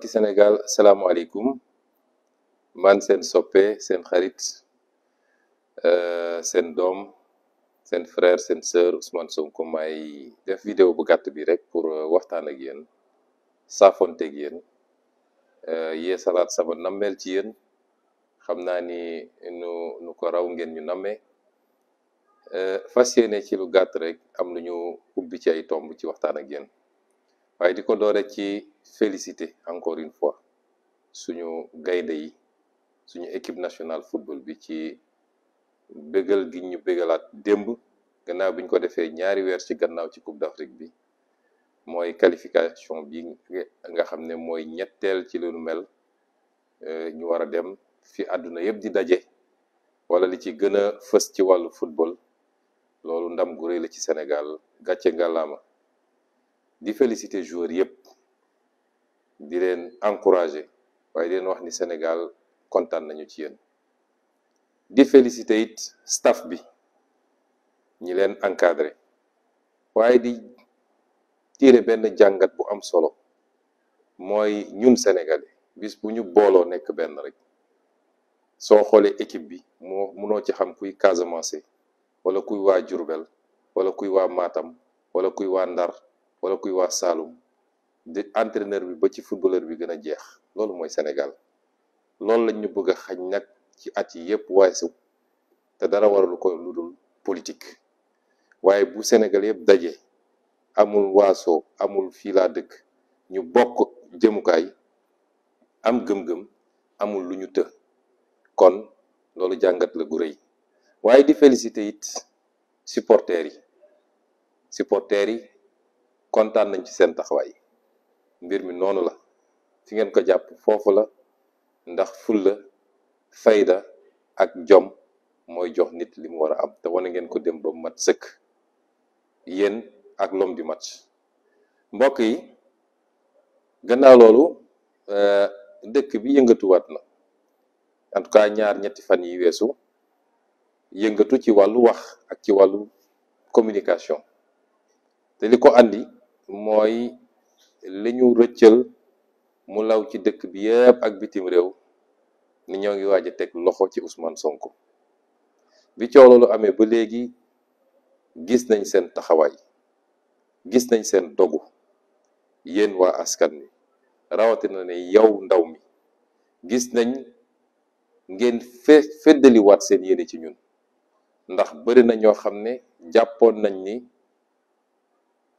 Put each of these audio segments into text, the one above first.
mbokki Sénégal asalaamualeykum man seen soppe seen xarit euh, seen doom seen frère seen sœur Ousmane Sonko may def vidéo bu gàtt bi rek pour euh, waxtaan ak yéen saafonte ak yéen euh, yee salaat sama nammeel ci yéen xam naa ni nu nu ko raw ngeen ñu nammee fas yéene ci lu gàtt rek am lu ñu ubbi ci ay tomb ci waxtaan ak yéen waaye di ko doore ci félicité encore une fois suñu gaynde yi suñu équipe nationale football bi ci bégal gi ñu bégalaat démb gannaaw bi ñu ko defee ñaari weer ci gannaaw ci Coupe d'Afrique bi mooy qualification bi nga xam ne mooy ñetteel ci lu nu mel euh, ñu war a dem fi àdduna yëpp di daje wala li ci gën a fës ci wàllu football loolu ndam gu rëy la ci Sénégal gàcce ngàllaama di féliciter joueurs yëpp di leen encourager waaye di leen wax ni Sénégal kontaan nañu ci yéen di féliciter it staff bi ñi leen encadré waaye di tirer benn jàngat bu am solo mooy ñun Sénégalais bis bu ñu booloo nekk benn rek soo xoolee équipe bi moo munoo ci xam kuy Casamance wala kuy waa jurbel wala kuy waa Matam wala kuy waa Ndar wala kuy wax Saalum di entraîneur bi ba ci footballeur bi gën a jeex loolu mooy Sénégal loolu lañ ñu bëgg a xañ nag ci at yi yëpp weesu te dara waralu ko lu dul politique waaye bu Sénégal yëpp daje amul waaso amul fii laa dëkk ñu bokk jëmukaay am gëm-gëm amul lu ñu të kon loolu jàngat la gu rëy waaye di félicité it supporters yi supporters yi kontaan nañ ci seen taxawaay mbir mi noonu la fi ngeen ko jàpp foofu la ndax fulla fayda ak jom mooy jox nit li mu war a am te wane ngeen ko dem ba mat sëkk yéen ak l'homme di match mbokk yi gannaaw loolu euh, dëkk bi yëngatuwaat na en ñaar ñetti fan yi weesu yëngatu ci wàllu wax ak ci wàllu communication te li ko andi mooy li ñu rëccal mu law ci dëkk bi yëpp ak bitim réew ni ñoo ngi waaj a teg loxo ci Ousmane Sonko bi coow loolu amee ba léegi gis nañ seen taxawaay gis nañ seen dogu yéen waa askan wi rawatina ne yow ndaw mi gis nañ ngeen fe feddaliwaat seen yéene ci ñun ndax bëri na ñoo xam ne jàppoon nañ ni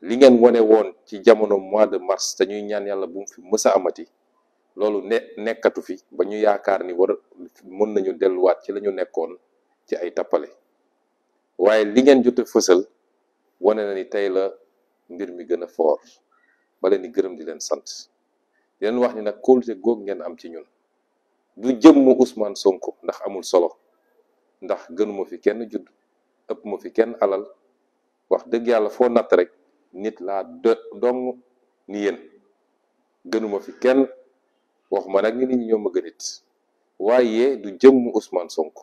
li ngeen wane woon ci jamono mois de mars te ñuy ñaan yàlla bu mu fi mës a amati loolu ne nekkatu fi ba ñu yaakaar ni war mën nañu delluwaat ci la nekkoon ci ay tappale waaye li ngeen jot a fësal wane na ni tey la mbir mi gën a foor ba leen di gërëm di leen sant di leen wax ni nag kóolute góog ngeen am ci ñun du jëmm Ousmane Sonko ndax amul solo ndax gënuma fi kenn judd ëpp ma fi kenn alal wax dëgg yàlla foo natt rek nit laa de dong ni yéen gënuma fi kenn waxuma nag ni nit ñi ñoom ma gënit waaye du jëmm Ousmane Sonko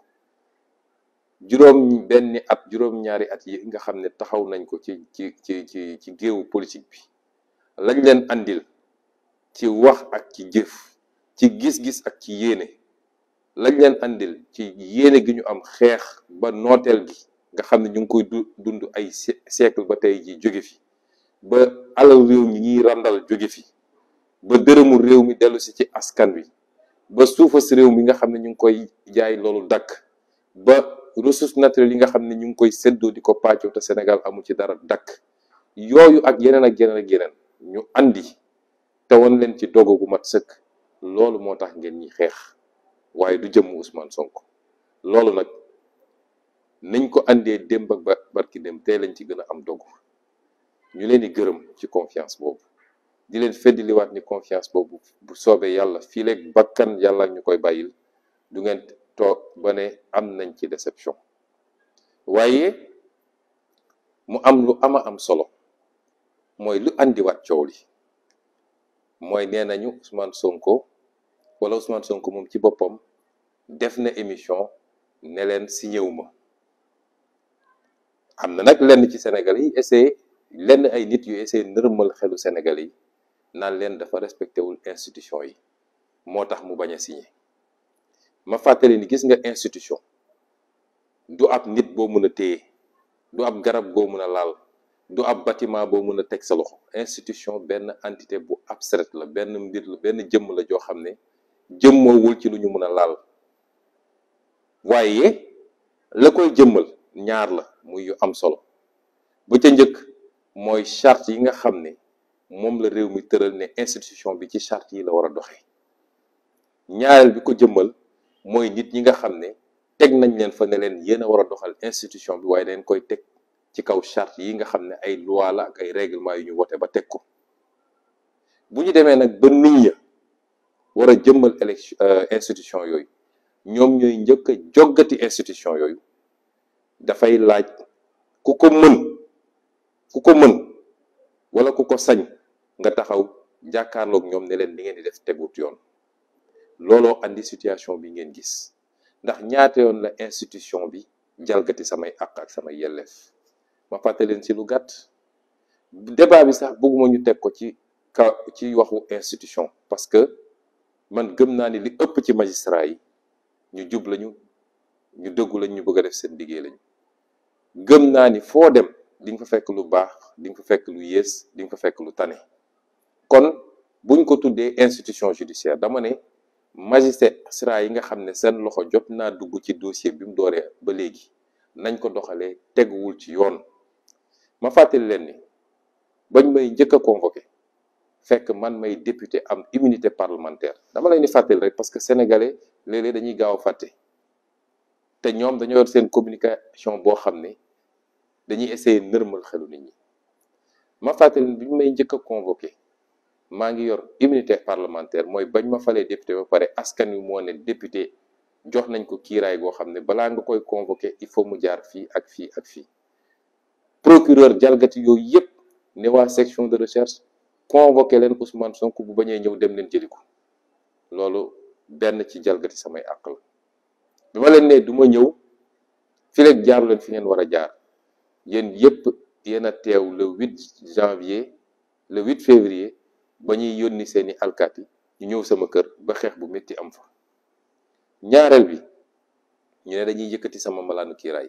juróom benni at juróom ñaari at yi nga xam ne taxaw nañ ko ci ci ci ci ci géewu politique bi lañ leen andil ci wax ak ci jëf ci gis-gis ak ci yéene lañ leen andil ci yéene gi ñu am xeex ba nooteel gi nga xam ne ñu ngi koy dund ay siècle ba tey ji jóge fi ba alal réew mi ñuy randal jóge fi ba dërëmu réew mi dellu si ci askan wi ba suufas réew mi nga xam ne ñu ngi koy jaay loolu dakk ba ressources naturelles yi nga xam ne ñu ngi koy seddoo di ko pàccoo te Sénégal amu ci dara dakk yooyu ak yeneen ak yeneen ak yeneen ñu andi te woon leen ci dogo gu mat sëkk loolu moo tax ngeen ñi xeex waaye du jëmm Ousmane Sonko loolu nag nañ ko indee démb ak ba barki dem tey lañ ci gën a am dogu ñu leen di gërëm ci confiance boobu di leen feddiliwaat ni confiance boobu bu soobee yàlla fii leeg bakkan yàlla ñu koy bàyyil du ngeen toog ba ne am nañ ci déception waaye mu am lu ama am solo mooy lu andiwaat coow li mooy nee nañu Ousmane Sonko wala Ousmane Sonko moom ci boppam def na émission ne leen si ñëwuma am na nag lenn ci Sénégal yi essayé lenn ay nit yu essayé nërmal xelu Sénégal yi naan leen dafa respecté wul institution yi moo tax mu bañ a signé ma fàttali ni gis nga institution du ab nit boo mën a téye du ab garab goo mën a laal du ab bâtiment boo mën a teg sa loxo institution benn entité bu abstraite la benn mbir la benn jëmm la joo xam ne jëmmoowul ci lu ñu mën a laal waaye la koy jëmmal ñaar la muy yu am solo bu ca njëkk mooy charte yi nga xam ne moom la réew mi tëral ne institution bi ci charte yi la war a doxee ñaareel bi ko jëmmal mooy nit ñi nga xam ne teg nañ leen fa ne leen yéen a war a doxal institution bi waaye dañ koy teg ci kaw charte yi nga xam ne ay loi la ak ay règlement yu ñu wote ba teg ko bu ñu demee nag ba nit ña war a jëmmal élection euh, institution yooyu ñoom ñooy njëkk a joggati institution yooyu dafay laaj ku ko mën ku ko mën wala ku ko sañ nga taxaw jàkkaarloog ñoom ne leen li ngeen di def tegut yoon looloo andi situation bi ngeen gis ndax ñaata yoon la institution bi jalgati samay àq ak samay yelleef ma fàttali leen ci lu gàtt débat bi sax bëgguma ñu teg ko ci ka ci waxu institution parce que man gëm naa ni li ëpp ci magistrat yi ñu jub lañu ñu dëggu lañ ñu bëgg a def seen liggéey lañu gëm naa ni foo dem di nga fa fekk lu baax di nga fa fekk lu yées di nga fa fekk lu tane kon buñ ko tuddee institution judiciaire dama ne magistrat yi nga xam ne seen loxo jot naa dugg ci dossier bi mu dooree ba léegi nañ ko doxalee teguwul ci yoon ma fàttali leen ni bañ may njëkk a convoqué fekk man may député am immunité parlementaire dama leen di fàttali rek parce que sénégalais léeg dañuy gaaw a fàtte te ñoom dañoo yor seen communication boo xam ne dañuy essayer nërmal xelu nit ñi ma fàttali bi ñu may njëkk a convoqué maa ngi yor immunité parlementaire mooy bañ ma falee député ba pare askan wi moo ne député jox nañ ko kiiraay goo xam ne balaa nga koy convoqué il faut mu jaar fii ak fii ak fii procureur jalgati yooyu yëpp ne waa section de recherche convoqué leen Ousmane sonk bu bañee ñëw dem leen jëli loolu benn ci jalgati samay àq la ma leen ne du ñëw fileeg jaaru leen fi ngeen war a jaar yéen yëpp yéen a teew le huit janvier le huit février ba ñuy yónni seeni alkaati ñu ñëw sama kër ba xeex bu métti am fa ñaareel bi ñu ne dañuy yëkkati sama malaanu kiiraay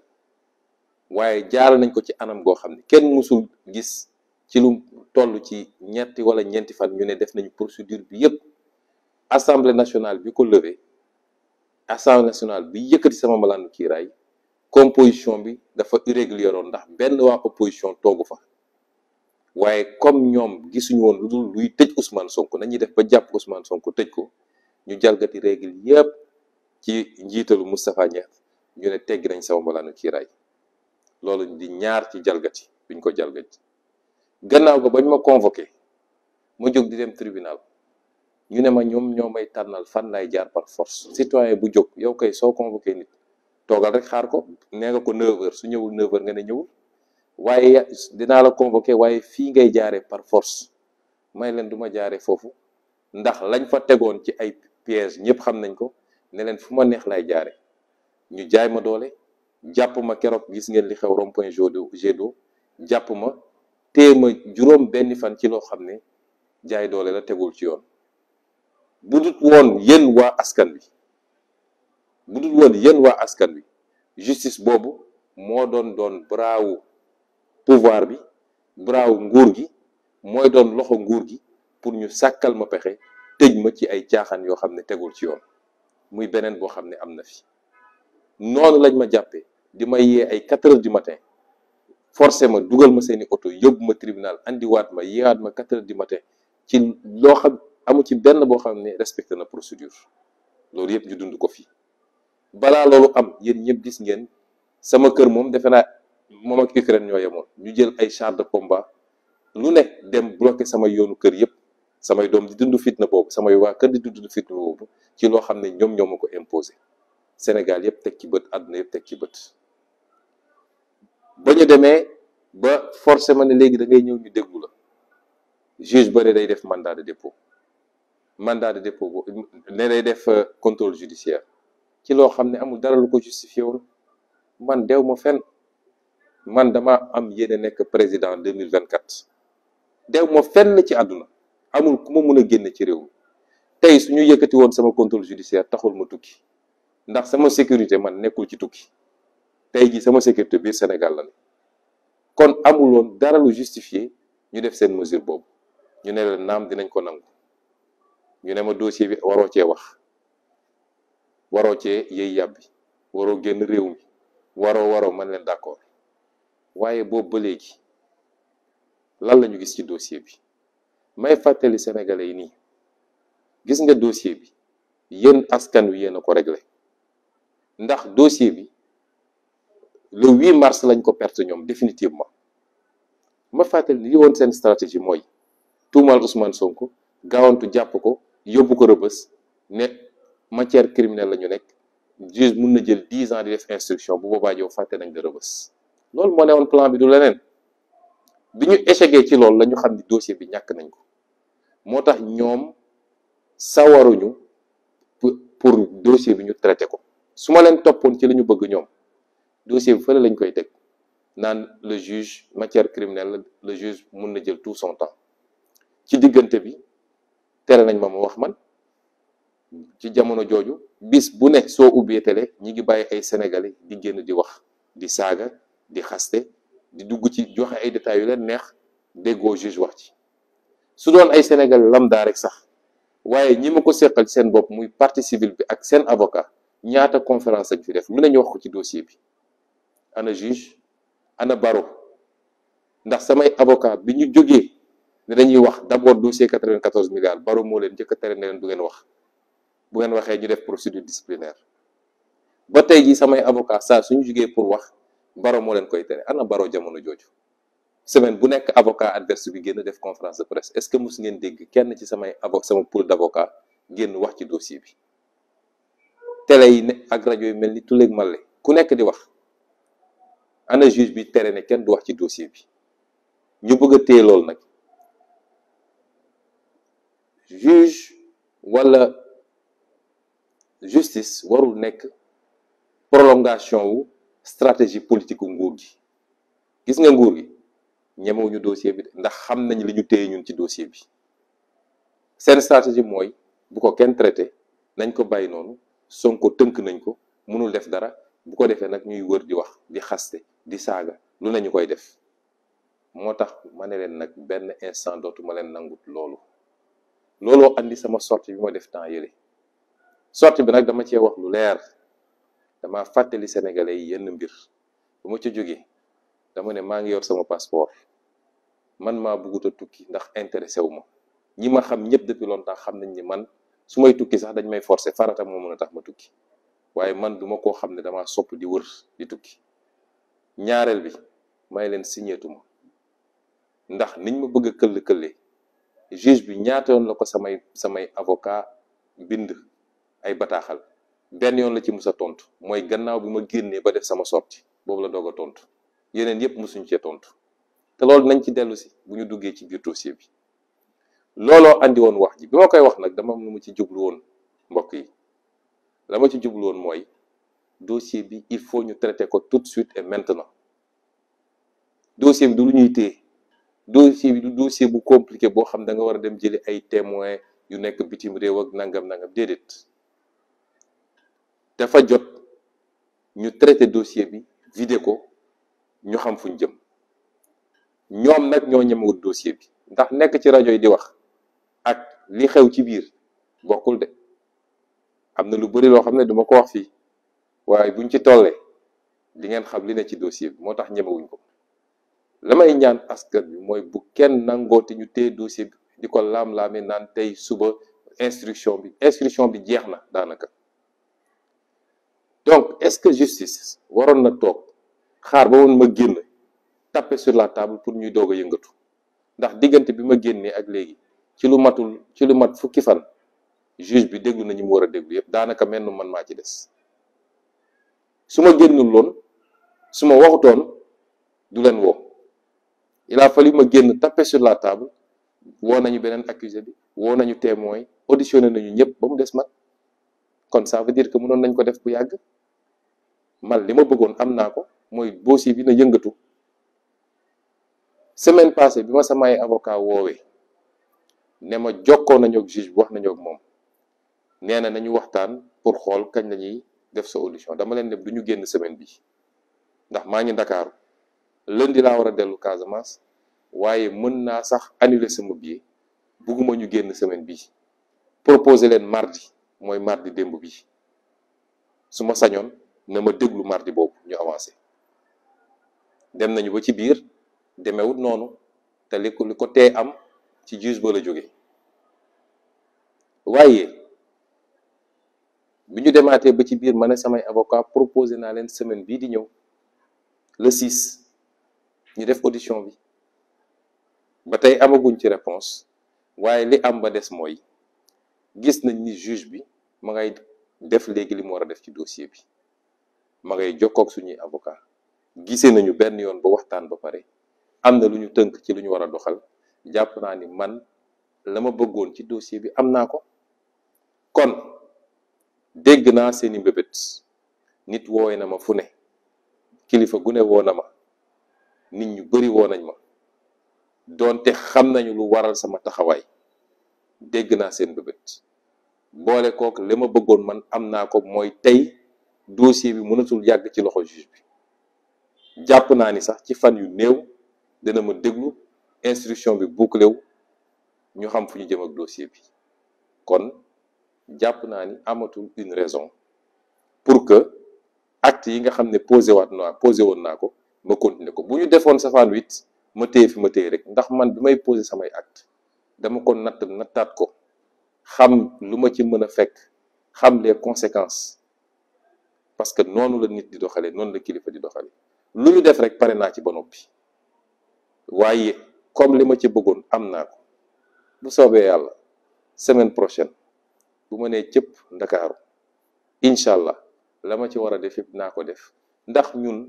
waaye jaara nañ ko ci anam goo xam ne kenn musul gis ci lu toll ci ñetti wala ñeenti fan ñu ne def nañu procédure bi yëpp assemblée nationale bi ko levé assemblée nationale bi yëkkati sama malaanu kiiraay position bi dafa irrégulière ndax benn waa opposition toogu fa waaye comme ñoom gisuñu woon lu dul luy tëj Ousmane Sonko nañuy def ba jàpp Ousmane Sonko tëj ko ñu jalgati règle yépp ci njiitalu Moustapha Niasse ñu ne teggi nañ sama mbalaanu kiiraay loolu di ñaar ci jalgati biñ ko jalgati gannaaw ga bañ ma convoqué ma jóg di dem tribunal ñu ne ma ñoom ñoo may tànnal fan laay jaar par force citoyen bu jog yow kay soo convoqué nit toogal rek xaar ko nee nga ko 9 su ñëwul 9h nga ne ñëwul waaye dinaa la convoqué waaye fii ngay jaaree par force may leen du ma jaaree foofu ndax lañ fa tegoon ci ay piège ñëpp xam nañ ko ne leen fu ma neex laay jaare ñu jaay ma doole jàpp ma keroog gis ngeen li xew rond point Jet d'eau jàpp ma tée ma juróom fan ci loo xam ne jaay doole la tegul ci yoon bu dut woon yéen waa askan bi bu dul woon yéen waa askan wi justice boobu moo doon doon braawu pouvoir bi braawu nguur gi mooy doon loxo nguur gi pour ñu sàkkal ma pexe tëj ma ci ay caaxaan yoo xam ne tegul ci yoon muy beneen boo xam ne am na fi noonu lañ ma jàppee di may yee ay quatre heures matin forcé ma dugal ma seeni oto yóbbu ma tribunal indiwaat ma yeewaat ma quatre heures matin ci loo xam amu ci benn boo xam ne respecté na procédure loolu yëpp ñu dund ko fi balaa loolu am yéen ñëpp gis ngeen sama kër moom defe naa moom ak Ukraine ñoo yemoon ñu jël ay char de combat lu ne dem bloqué sama yoonu kër yëpp samay doom di dund fitna boobu samay waa kër di dund fitna boobu ci loo xam ne ñoom ñoo ko imposé Sénégal yëpp teg ci bët àdduna yëpp teg ci bët ba ñu demee ba forcé ma ne léegi da ngay ñëw ñu déglu la juge ba ne day def mandat de dépôt mandat de dépôt ne day def euh, contrôle judiciaire ci loo xam ne amul dara lu ko justifié wul man dew ma fenn man dama am yéene nekk président deux mille vingt quatre dew ma fenn ci àdduna amul ku ma mun a génn ci réew tey su ñu yëkkati woon sama contrôle judiciaire taxul ma tukki ndax sama sécurité man nekkul ci tukki tey jii sama sécurité biir Sénégal la ne kon amul woon dara lu justifié ñu def seen mesure boobu ñu ne leen naam dinañ ko nangu ñu ne ma dossier bi waroo cee wax. waroo cee yëy yàbbi waroo génn réew mi waroo waroo man leen d'accord waaye boobu ba léegi lan la ñu gis ci dossier bi may fàttali sénégalais yi nii gis nga dossier bi yéen askan wi yéen a ko réglé ndax dossier bi le 8 mars lañ ko perte ñoom définitivement ma fàttali li woon seen stratégie mooy tuumaal Ousmane sonk gaawantu jàpp ko yóbbu ko rëbës ne. matière criminelle la ñu nekk juge mun na jël dix ans di def instruction bu boobaa yow fàtte nañ la rëbës loolu moo newoon plan bi du leneen bi ñu échecgee ci loolu lañu ñu xam ni dossier bi ñàkk nañ ko moo tax ñoom sawaruñu pour dossier bi ñu traité ko su ma leen toppoon ci la ñu bëgg ñoom dossier bi fële lañ koy teg naan le juge matière criminelle le juge mun na jël tout son temps ci diggante bi tere nañ ma ma wax man ci jamono jooju bis bu ne soo ubbee tele ñi ngi bàyyi ay sénégalais di génn di wax di saaga di xaste di dugg ci joxe ay détails yu leen neex déggoo juge wax ci su doon ay sénégalais lambda rek sax waaye ñi ma ko seqal seen bopp muy parti civile bi ak seen avocat ñaata conférence ak fi def lu ne ñu wax ko ci dossier bi ana juge ana baro ndax samay avocat bi ñu jógee ne dañuy wax d'abord dossier 94 milliards baro moo leen njëkk a tere ne leen du ngeen wax bu ngeen waxee ñu def procédure disciplinaire ba tey jii samay avocat saa suñu jugee pour wax baro moo leen koy tere ana baro jamono jooju semaine bu nekk avocat adverse bi génn def conférence de presse est-ce que mus ngeen dégg kenn ci samay avo sama pool d'avocat génn wax ci dossier bi télé yi ne ak rajo yi mel ni tuleeg male ku nekk di wax ana juge bi tere ne kenn du wax ci dossier bi ñu bëgg a téye loolu nag juge wala justice warul nekk prolongation wu stratégie politique gu nguur gi gis nga nguur gi ñemewuñu dossier bi ndax xam nañ li ñu téye ñun ci dossier bi seen stratégie mooy bu ko kenn traité nañ ko bàyyi noonu Sonko tënk nañ ko mënul def dara bu ko defee nag ñuy wër di wax di xaste di saaga lu nañu koy def moo tax ma ne leen nag benn instant dootu ma leen nangut loolu looloo indi sama sortie bi ma def temps yële sorti bi nag dama cee wax lu leer dama fàttali sénégalais yi yenn mbir bu ma ci jógee dama ne maa ngi yor sama passeport man maa bëggut a tukki ndax intéressé wu ma ñi ma xam ñëpp depuis tax xam nañ ni man su may tukki sax dañ may forcer farata moo mën a tax ma tukki waaye man duma koo xam ne damaa sopp di wër di tukki ñaareel bi may leen signéetuma ndax niñ ma bëgg këll këlle juge bi ñaata yoon la ko samay samay avocat bind ay bataaxal benn yoon la ci mus a tontu mooy gannaaw bi ma génnee ba def sama sorti boobu la doog a tontu yeneen yëpp musuñ cee tontu te loolu nañ ci dellu si bu ñu duggee ci biir dossier bi looloo indi woon wax ji bi ma koy wax nag dama am ma ci jublu woon mbokk yi la ma ci jublu woon mooy dossier bi il faut ñu traité ko tout de suite et maintenant dossier bi du lu ñuy téye dossier bi du bu compliqué boo xam da nga war a dem jëli ay témoins yu nekk bitim réew ak nangam nangam déedéet. dafa jot ñu traité dossier bi vidé ko ñu xam fuñ jëm ñoom nag ñoo ñemewut dossier bi ndax nekk ci rajo yi di wax ak li xew ci biir bokkul de am na lu bëri loo xam ne duma ko wax fii waaye buñ ci tollee di ngeen xam li ne ci dossier bi moo tax ñemewuñ ko la may ñaan askan bi mooy bu kenn nangooti ñu téye dossier bi di ko laam-laamee naan tey suba instruction bi instruction bi jeex na daanaka donc est-ce que justice waroon na toog xaar ba woon ma génn taper sur la table pour ñuy doog yëngatu ndax diggante bi ma génnee ak léegi ci lu matul ci lu mat fukki fan juge bi déglu nañu ñu mu war a déglu yëpp daanaka mel man maa ci des su ma génnul loon su ma waxutoon du leen woo il a fallu ma génn taper sur la table woo nañu beneen accusé bi woo nañu témoin auditionné nañu ñëpp ba mu des man kon ça veut dire que mënoon nañ ko def bu yàgg man li ma bëggoon am naa ko mooy dossier bi na yëngatu semaine passée bi ma samay avocat woowee ne ma jokkoon nañu ak juge bi wax nañu ak moom nee na nañu waxtaan pour xool kañ la ñuy def solution dama leen ne du ñu génn semaine bi ndax maa ngi ndakaaru lundi laa war a dellu Casamance waaye mën naa sax annuler sama billet bugguma ñu génn semaine bi proposer leen mardi mooy mardi démb bi su ma sañoon na ma déglu mardi boobu ñu avancé dem nañu ba ci biir demewut noonu te li ko li ko tee am ci juge ba la jóge waaye bi ñu demaatee ba ci biir ma ne samay avocat proposé naa leen semaine bii di ñëw le 6 ñu def audition bi ba tey amaguñ ci réponse waaye li am ba des mooy gis nañ ni juge bi ma ngay def léegi li mu war a def ci dossier bi ma ngay jokkoog suñuy avocat gise nañu benn yoon ba waxtaan ba pare am na lu ñu tënk ci lu ñu war a doxal jàpp naa ni man la ma bëggoon ci dossier bi am naa ko kon dégg naa seeni mbébét nit wooy na ma fu ne kilifa gune woo na ma nit ñu bari woo nañ ma doonte xam nañu lu waral sama taxawaay dégg naa seen mbébét boole kook li ma bëggoon man am naa ko mooy tey dossier bi mënatul yàgg ci loxo juge bi jàpp naa ni sax ci fan yu néew dana ma déglu instruction bi bouclé wu ñu xam fu ñu jëm ak dossier bi kon jàpp naa ni amatul une raison pour que acte yi nga xam ne posé waat naa posé woon naa ko ma continuer ko bu ñu defoon safaan wit ma téye fi ma téye rek ndax man bi may posé samay acte dama ko natt nattaat ko xam lu ma ci mën a fekk xam les conséquences parce que noonu la nit di doxalee noonu la kilifa di doxalee lu ñu def rek pare naa ci ba noppi waaye comme li ma ci bëggoon am naa ko bu soobee yàlla semaine prochaine bu ma nee cëpp ndakaaru incha allah la ma ci war a def yëpp naa ko def ndax ñun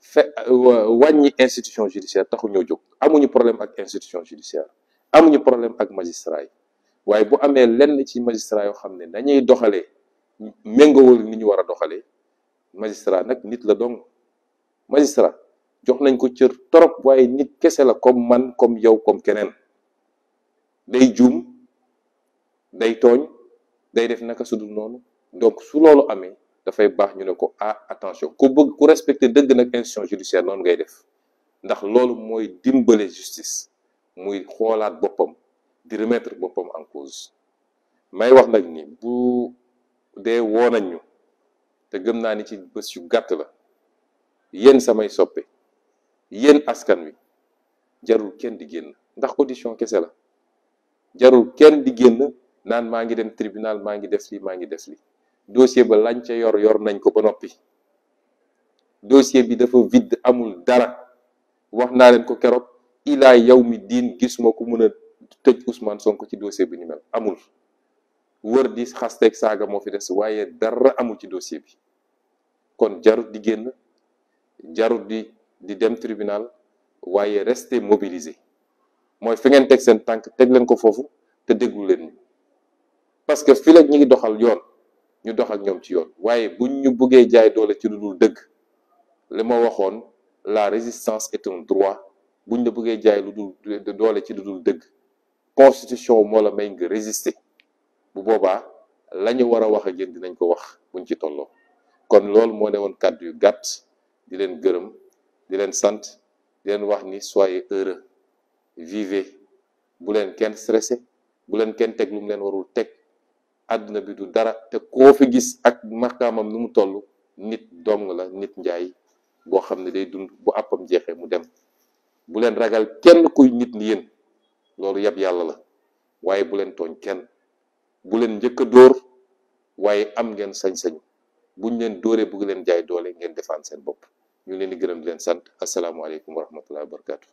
fe wàññi institution judiciaire taxu ñoo jóg amuñu problème ak institution am ñu problème ak magistrat waaye bu amee lenn ci magistrat yoo xam ne dañuy doxalee méngawul ni ñu war a doxalee magistrat nag nit la dong magistrat jox nañ ko cër torop waaye nit kese la comme man comme yow comme keneen day juum day tooñ day def naka su dul noonu donc su loolu amee dafay baax ñu ne ko ah attention ku bëgg ku respecter dëgg nag institution judiciaire noonu ngay def ndax loolu mooy dimbale justice muy xoolaat boppam di remettre boppam en may wax nag ni bu dee woo nañ ñu te gëm naa ni ci bës yu gàtt la yéen samay soppe yéen askan wi jarul kenn di génn ndax audition kese la jarul kenn di génn naan maa ngi dem tribunal maa ngi def lii maa ngi def lii dossier ba lañ ca yor yor nañ ko ba noppi dossier bi dafa vide amul dara wax naa leen ko keroog ilaa yow mi diin gisuma ku mën a tëj Ousmane sonk ci dossier bi ni mel amul wër di xasteeg saaga moo fi des waaye dara amu ci dossier bi kon jarut di génn jarut di di dem tribunal waaye rester mobiliser mooy fi ngeen teg seen tànk teg leen ko foofu te déglu leen parce que fii la ñu ngi doxal yoon ñu doxal ñoom ci yoon waaye buñ ñu buggee jaay doole ci lu dul dëgg li ma waxoon la résistance est un droit buñ la buggee jaay lu dul doole ci lu dul dëgg constitution moo la may nga résister bu boobaa la ñu war a wax ak yéen dinañ ko wax buñ ci tolloo kon loolu moo ne woon kàddu yu gàtt di leen gërëm di leen sant di leen wax ni soyez heureux vivez bu leen kenn stressé bu leen kenn teg leen warul teg àdduna bi du dara te koo fi gis ak maqaamam nu mu toll nit dong la nit njaay boo xam ne day dund bu àppam jeexee mu dem bu leen ragal kenn kuy nit ni yéen loolu yab yàlla la waaye bu leen tooñ kenn bu leen njëkk a dóor waaye am ngeen sañ-sañ buñ leen dooree bëgg leen jaay doole ngeen defaan seen bopp ñu leen di gërëm leen sant asalaamaaleykum wa rahmatullahi wa barakatu